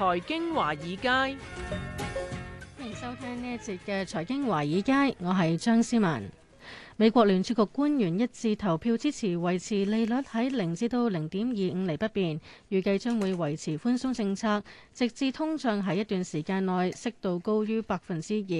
財經華爾街，歡迎收聽呢一節嘅財經華爾街。我係張思文。美國聯儲局官員一致投票支持維持利率喺零至到零點二五厘不變，預計將會維持寬鬆政策，直至通脹喺一段時間內適度高於百分之二，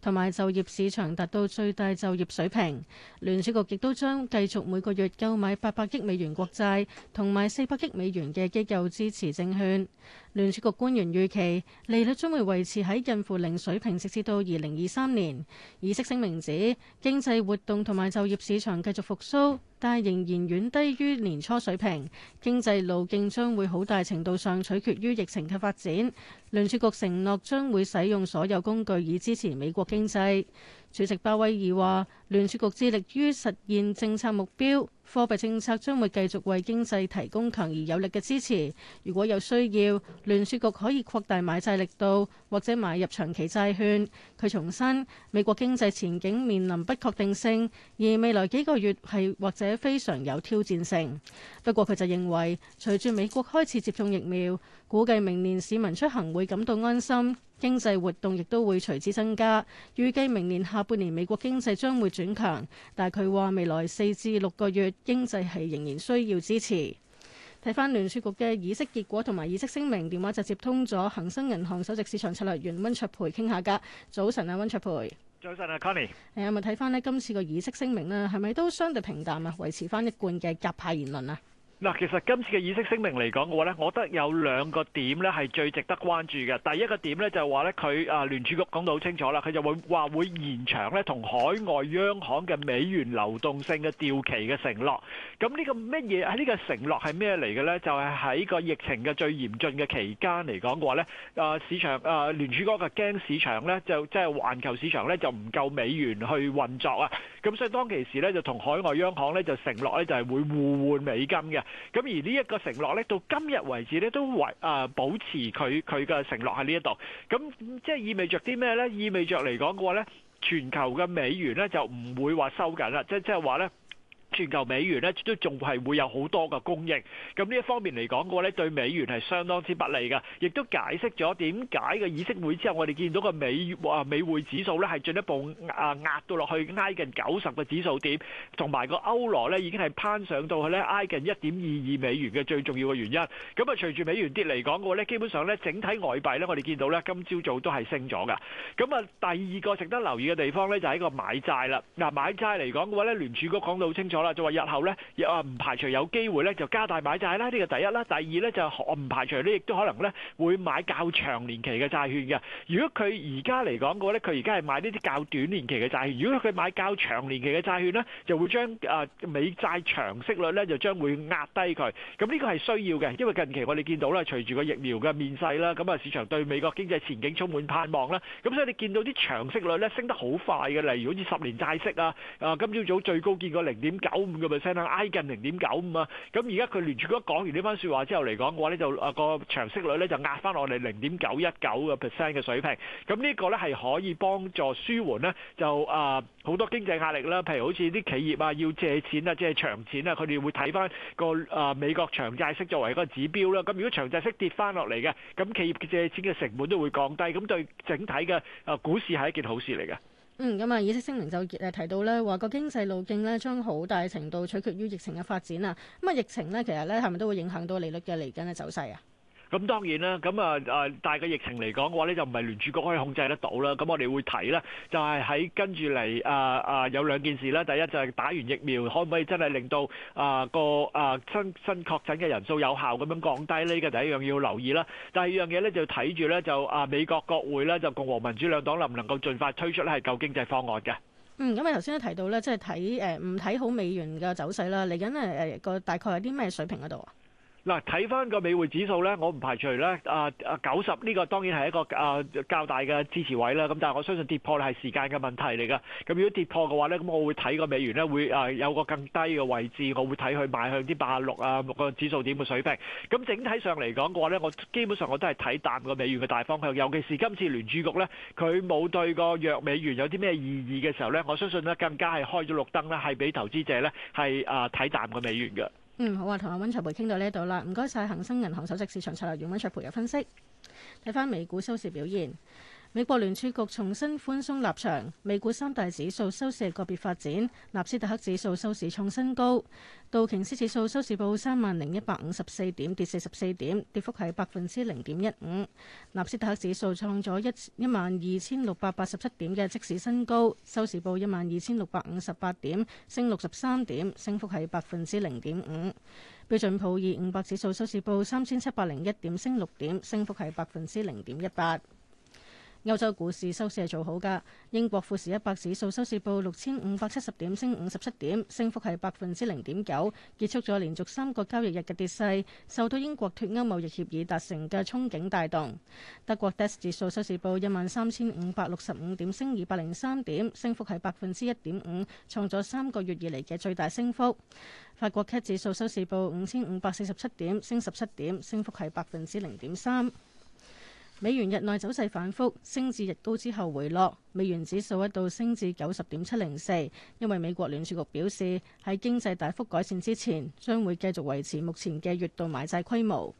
同埋就業市場達到最大就業水平。聯儲局亦都將繼續每個月購買八百億美元國債同埋四百億美元嘅機構支持證券。聯儲局官員預期利率將會維持喺近乎零水平，直至到二零二三年。議息聲明指經濟活動同埋就業市場繼續復甦。但仍然遠低於年初水平，經濟路徑將會好大程度上取決於疫情嘅發展。聯儲局承諾將會使用所有工具以支持美國經濟。主席鮑威爾話：聯儲局致力於實現政策目標，貨幣政策將會繼續為經濟提供強而有力嘅支持。如果有需要，聯儲局可以擴大買債力度或者買入長期債券。佢重申美國經濟前景面臨不確定性，而未來幾個月係或者。非常有挑戰性。不過佢就認為，隨住美國開始接種疫苗，估計明年市民出行會感到安心，經濟活動亦都會隨之增加。預計明年下半年美國經濟將會轉強，但佢話未來四至六個月經濟係仍然需要支持。睇返聯儲局嘅議息結果同埋議息聲明，電話就接通咗恒生銀行首席市場策略員溫卓培傾下偈。早晨啊，溫卓培。早晨啊，Conny。你有冇睇翻呢？今次個議息聲明呢，係咪都相對平淡啊？維持翻一貫嘅鴿派言論啊？嗱，其實今次嘅議息聲明嚟講嘅話咧，我覺得有兩個點咧係最值得關注嘅。第一個點咧就係話咧，佢啊聯儲局講到好清楚啦，佢就會話會延長咧同海外央行嘅美元流動性嘅掉期嘅承諾。咁呢個乜嘢？喺、這、呢個承諾係咩嚟嘅咧？就係喺個疫情嘅最嚴峻嘅期間嚟講嘅話咧，啊市場啊聯儲局啊驚市場咧就即係環球市場咧就唔夠美元去運作啊，咁所以當其時咧就同海外央行咧就承諾咧就係會互換美金嘅。咁而呢一個承諾咧，到今日為止咧都維啊、呃、保持佢佢嘅承諾喺呢一度，咁、嗯、即係意味着啲咩咧？意味着嚟講嘅話咧，全球嘅美元咧就唔會話收緊啦，即即係話咧。全球美元咧都仲係會有好多嘅供應，咁呢一方面嚟講嘅話咧，對美元係相當之不利嘅，亦都解釋咗點解個議息會之後，我哋見到個美啊美匯指數咧係進一步啊壓到落去，挨近九十個指數點，同埋個歐羅咧已經係攀上到去咧挨近一點二二美元嘅最重要嘅原因。咁啊隨住美元跌嚟講嘅話咧，基本上咧整體外幣咧，我哋見到咧今朝早都係升咗嘅。咁啊第二個值得留意嘅地方咧就係一個買債啦。嗱買債嚟講嘅話咧，聯儲局講得好清楚。就話日後咧，又唔排除有機會咧就加大買債啦。呢個第一啦，第二咧就唔排除呢亦都可能咧會買較長年期嘅債券嘅。如果佢而家嚟講嘅話咧，佢而家係買呢啲較短年期嘅債券。如果佢買,買較長年期嘅債券咧，就會將啊美債長息率咧就將會壓低佢。咁呢個係需要嘅，因為近期我哋見到咧，隨住個疫苗嘅面世啦，咁啊市場對美國經濟前景充滿盼望啦。咁所以你見到啲長息率咧升得好快嘅，例如好似十年債息啊，啊今朝早最高見過零點九。九五個 percent 啦，挨近零點九五啊，咁而家佢連住果講完呢番説話之後嚟講嘅話咧，就啊個長息率咧就壓翻落嚟零點九一九個 percent 嘅水平，咁呢個咧係可以幫助舒緩咧就啊好多經濟壓力啦，譬如好似啲企業啊要借錢啊，即係長錢啊，佢哋會睇翻個啊美國長債息作為一個指標啦。咁如果長債息跌翻落嚟嘅，咁企業嘅借錢嘅成本都會降低，咁對整體嘅啊股市係一件好事嚟嘅。嗯，咁啊，議息聲明就誒提到咧，話個經濟路徑咧，將好大程度取決於疫情嘅發展啊。咁啊，疫情咧，其實咧係咪都會影響到利率嘅嚟緊嘅走勢啊？咁當然啦，咁啊啊大嘅疫情嚟講嘅話咧，就唔係聯儲局可以控制得到啦。咁我哋會睇咧，就係喺跟住嚟啊，啊有兩件事咧。第一就係打完疫苗，可唔可以真係令到啊個啊新新確診嘅人數有效咁樣降低呢？個第一樣要留意啦。第二樣嘢咧就睇住咧就啊美國國會咧就共和民主兩黨能唔能夠盡快推出咧係舊經濟方案嘅。嗯，咁啊頭先都提到咧，即係睇誒唔睇好美元嘅走勢啦。嚟緊誒個大概係啲咩水平嗰度啊？嗱，睇翻個美匯指數咧，我唔排除咧，啊啊九十呢個當然係一個啊較大嘅支持位啦。咁但係我相信跌破咧係時間嘅問題嚟噶。咁如果跌破嘅話咧，咁我會睇個美元咧會啊有個更低嘅位置，我會睇佢賣向啲八六啊個指數點嘅水平。咁整體上嚟講嘅話咧，我基本上我都係睇淡個美元嘅大方向。尤其是今次聯儲局咧，佢冇對個弱美元有啲咩意義嘅時候咧，我相信咧更加係開咗綠燈啦，係俾投資者咧係啊睇淡個美元嘅。嗯，好啊，同阿溫卓培傾到呢度啦，唔該晒恒生銀行首席市場策略員溫卓培嘅分析。睇翻美股收市表現。美國聯儲局重新寬鬆立場，美股三大指數收市個別發展，納斯達克指數收市創新高，道瓊斯指數收市報三萬零一百五十四點，跌四十四點，跌幅係百分之零點一五。納斯達克指數創咗一一萬二千六百八十七點嘅即時新高，收市報一萬二千六百五十八點，升六十三點，升幅係百分之零點五。標準普爾五百指數收市報三千七百零一點，升六點，升幅係百分之零點一八。歐洲股市收市係做好噶。英國富時一百指數收市報六千五百七十點，升五十七點，升幅係百分之零點九，結束咗連續三個交易日嘅跌勢，受到英國脫歐貿易協議達成嘅憧憬帶動。德國 DAX 指數收市報一萬三千五百六十五點，升二百零三點，升幅係百分之一點五，創咗三個月以嚟嘅最大升幅。法國 CAC 指數收市報五千五百四十七點，升十七點，升幅係百分之零點三。美元日內走勢反覆，升至日高之後回落。美元指數一度升至九十點七零四，因為美國聯儲局表示，喺經濟大幅改善之前，將會繼續維持目前嘅月度買債規模。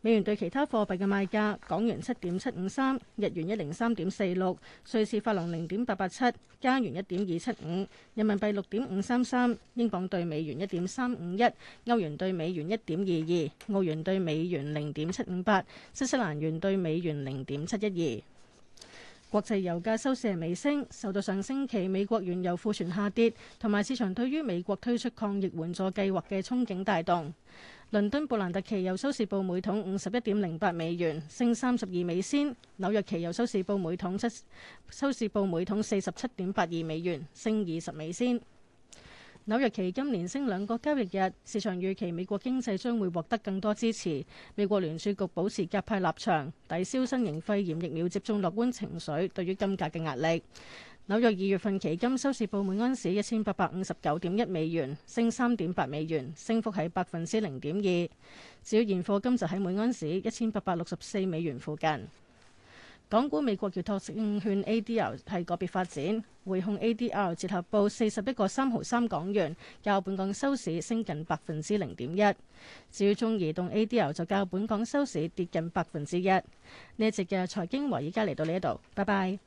美元對其他貨幣嘅賣價：港元七點七五三，日元一零三點四六，瑞士法郎零點八八七，加元一點二七五，人民幣六點五三三，英鎊對美元一點三五一，歐元對美元一點二二，澳元對美元零點七五八，新西蘭元對美元零點七一二。國際油價收市係微升，受到上星期美國原油庫存下跌同埋市場對於美國推出抗疫援助計劃嘅憧憬帶動。倫敦布蘭特期油收市報每桶五十一點零八美元，升三十二美仙；紐約期油收市報每桶七收市報每桶四十七點八二美元，升二十美仙。紐約期金連升兩個交易日，市場預期美國經濟將會獲得更多支持。美國聯儲局保持鴿派立場，抵消新型肺炎疫苗接種樂觀情緒對於金價嘅壓力。紐約二月份期金收市報每盎司一千八百五十九點一美元，升三點八美元，升幅喺百分之零點二。至於現貨金就喺每盎司一千八百六十四美元附近。港股、美國預託證券 A D R 係個別發展，匯控 A D R 折合報四十一個三毫三港元，較本港收市升近百分之零點一。至於中移動 A D R 就較本港收市跌近百分之一。呢一節嘅財經華依家嚟到呢一度，拜拜。